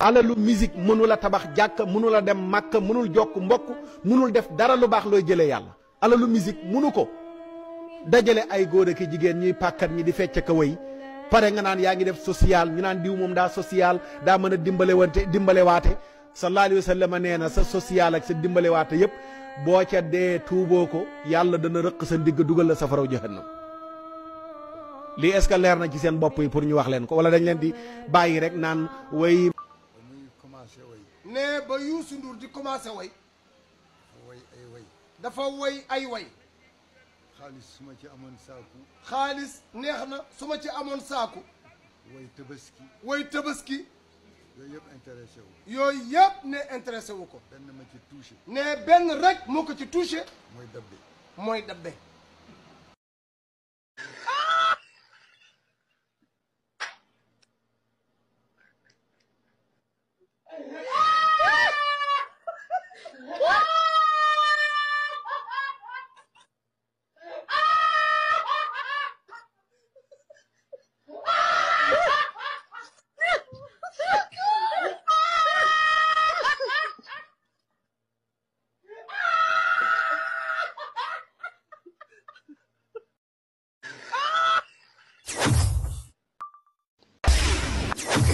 alalu musique mënul a tabax jàkka mënul a dem màkk mënul jokk mbokk mënul def dara lu baax looy jële yàlla alalu musique mënu ko dajale ay góor ak jigéen ñuy pàkkat ñi di fecc ka wëy pare nga naan yaa ngi def social ñu naan diw moom daa social daa mën a dimbale wante dimbale waate sallallahu alayhi wa sallam nee na sa social ak sa dimbale waate yëpp boo ca dee tuuboo ko yàlla dana rëq sa ndigg dugal la safaraw jahannam lii est-ce que na ci seen bopp yi pour ñu wax leen ko wala dañ leen di bàyyi rek naan ne ba Youssou Ndour di commencé way dafa way ay way dafa way ay way su ma ci amon saaku xaalis ci way tabaski way tabaski yooyu yëpp intéressé wu ne intéressé wu ko ne rek ci mooy dabbe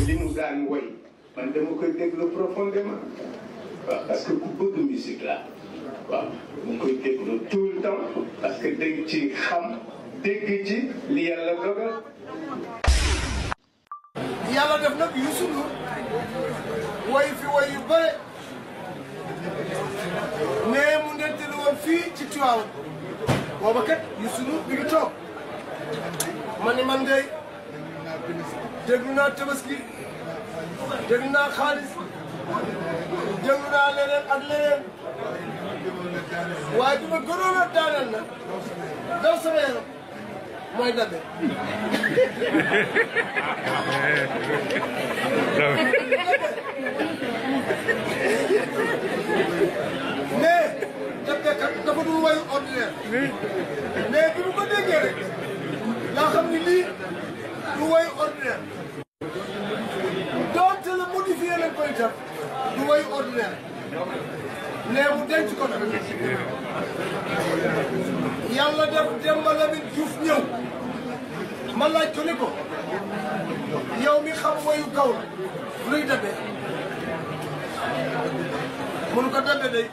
li mu daan woy man dama koy déglu profondément waaw parce que ku bëgg musique la waaw mu koy déglu tout le temps parce que dégg ci xam dégg ci li yàlla dogal yàlla def nag Youssou Ndour woy fi woy yu bëre mais mu nettali woon fii ci Tivaouane booba kat Youssou Ndour bi ngi toog ma ni man day déglu naa tabaski déglu naa xaalis déglu naa leneen ak leneen waaye duma gënoon a daaneel nag daw sama yaram mooy dabe mais dabe kat dafa dul wayu ordinaire mais bi mu ko déggee rek laa xam ni lii du wayu ordinaire yàlla def Demba Lamine ñëw ma laaj ko ko yow mi xam wayu kaw la luy demee mënu ko demee day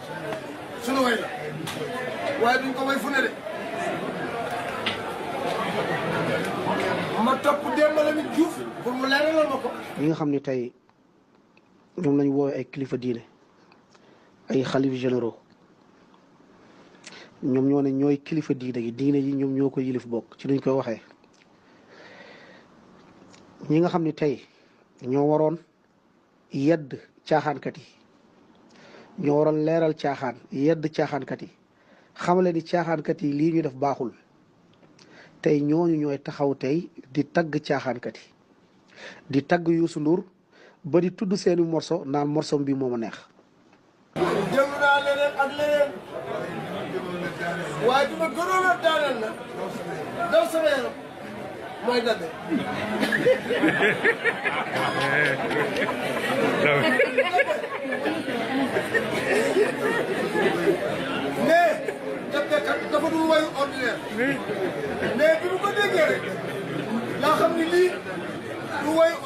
sunu way la waaye duñ ko way fu ne de ma topp Demba Lamine pour mu leeralal ma ko. ñi nga xam ni tey ñoom lañu woowee ay kilifa diine. ay xalif généraux ñoom ñoo ne ñooy kilifa diine yi diine yi ñoom ñoo ko yilif bokk ci luñ koy waxee ñi nga xam ni tey ñoo waroon yedd caaxaankat yi ñoo waroon leeral caaxaan yedd caaxaankat yi xamale ni caaxaankat yi lii ñu def baaxul tey ñooñu ñooy taxaw tey di tagg caaxaankat yi di tagg Youssou Ndour ba di tudd seeni morso naan morsom bi moo ma neex jëng naa leneen ak leneen waaye duma gënoon a daaneel na daw sama yaram mooy dabe mais dabbekat dafa dul wayu ordinaire mais bi mu ko déggee rek xam ni lii du wayu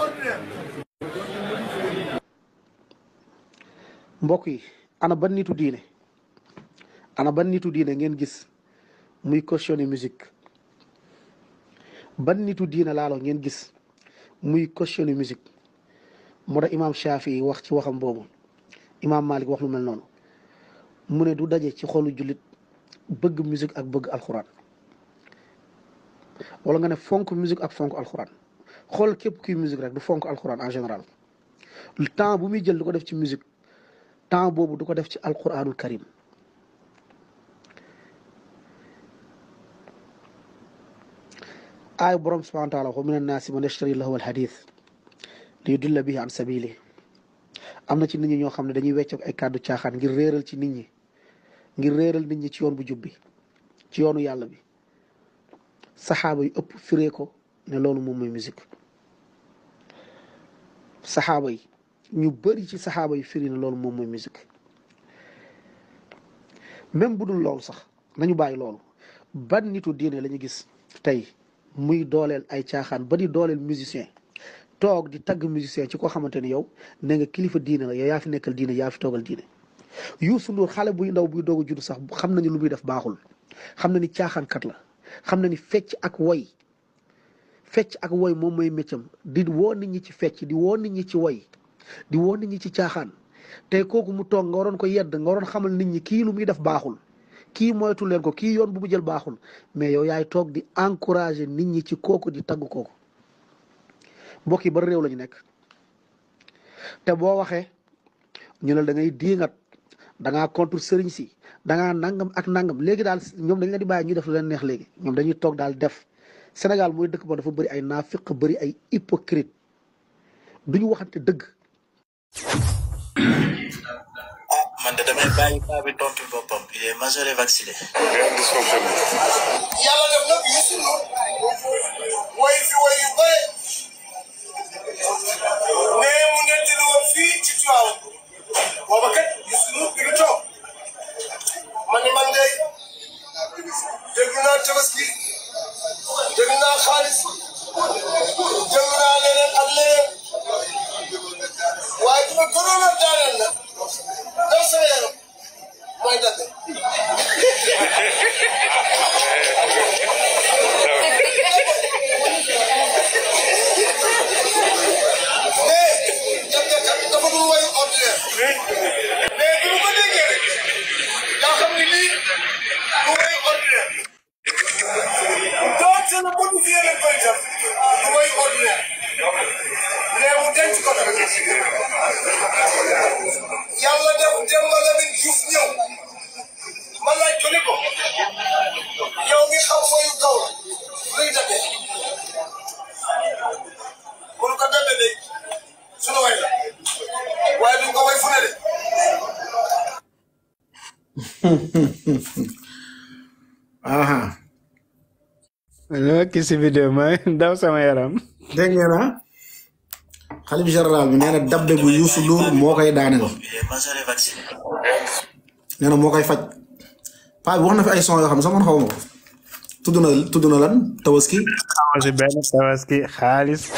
mbokk yi ana ban nitu diine ana ban nitu diine ngeen gis muy cautionné musique ban nitu diine laalo ngeen gis muy cautionné musique mu da imaam Shaafi wax ci waxam boobu imaam Malik wax lu mel noonu mu ne du daje ci xolu jullit bëgg musique ak bëgg alxuraan wala nga ne fonk musique ak fonk alxuraan xool képp kuy musique rek du fonk alxuraan en général temps muy jël ko def ci musique temps boobu du ko def ci alquranul karim aay borom subhanahu wa taala wa min annaasi man yashtari lahu alhadith li yudilla bihi an sabili am na ci nit ñi ñoo xam ne dañuy wecc ay kàddu caaxaan ngir réeral ci nit ñi ngir réeral nit ñi ci yoon bu jub bi ci yoonu yàlla bi saxaaba yi ëpp firee ko ne loolu moom mooy musique saxaaba yi ñu bëri ci saxaaba yi firi na loolu moom mooy musique même bu dul loolu sax nañu bàyyi loolu ban nitu diine la ñu gis tey muy dooleel ay caaxaan ba di dooleel musicien toog di tagg musicien ci koo xamante ni yow ne nga kilifa diine la yaa fi nekkal diine yaa fi toogal diine yu Ndour xale buy ndaw buy doog a judd sax xam nañu lu muy def baaxul xam na ni caaxaankat la xam na ni fecc ak woy fecc ak woy moom mooy méccam di woo nit ñi ci fecc di woo nit ñi ci woy di woon nit ñi ci caaxaan te kooku mu toog nga waroon ko yedd nga waroon xamal nit ñi kii lu muy def baaxul kii moytu leen ko kii yoon bu mu jël baaxul mais yow yaay toog di encourager nit ñi ci kooku di taggu kooku mbokk yi ba réew la nekk te boo waxee ñu ne dangay ngay diingat da ngaa contre sëriñ si da nangam ak nangam léegi daal ñoom dañ leen di bàyyi ñu def leen neex léegi ñoom dañuy toog daal def Sénégal mooy dëkk ba dafa bari ay naafiq bëri ay hypocrite duñu waxante dëgg man de damay bàyyi bi tontu boppam il est majeur et vacciné. yàlla def nag yu si way fi way yu bëri mais mu lu woon fii ci tuwaawam booba kat yu si noonu bi nga toog man ni man tabaski dégg naa xaalis dégg ak leneen. waaye li ma gënoon a daaneel nag def sama yaram mooy dagg aha ñoo gis si vidéo daw sama yaram dégg ngeen ah xalif général bi nee na dabbe bu Youssou Ndour moo koy daaneel nee moo koy faj paa bi wax na fi ay son yoo xam ne sax man xaw ma ko na tudd na lan tabaski si benn tabaski xaalis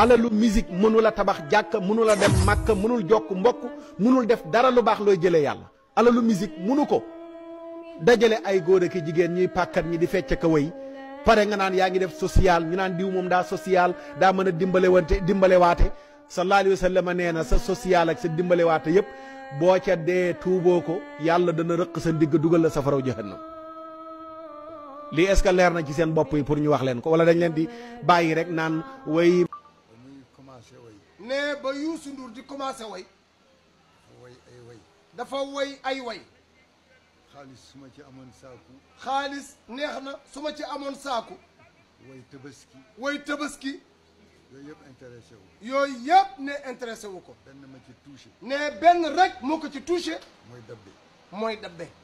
alalu musique mënul tabax jàkk mënul a dem mënul jokk mbokk mënul def dara lu baax looy jële yàlla alalu musique munu ko dajale ay góor ak jigéen ñuy pàkkat ñi di fecc ka way pare nga naan yaa ngi def social ñu naan diw moom daa social daa mën a dimbale wante dimbale waate sallallahu alayhi wa nee na sa social ak sa dimbale waate yëpp boo ca dee tuuboo ko yàlla dana rëq sa ndigg dugal la safaraw jahannam lii est-ce que leer na ci seen bopp yi pour ñu wax leen ko wala dañ leen di bàyyi rek naan way ne ba Youssou Ndour di commencé way way dafa wai ay wai khalis suma ci amon saku khalis neex suma ci amon saku way tabaski way tabaski yoy yeb interessé wu yoy yeb ne interessé wu ko ben ma ci toucher ne ben rek moko ci toucher moy dabbe moy dabbe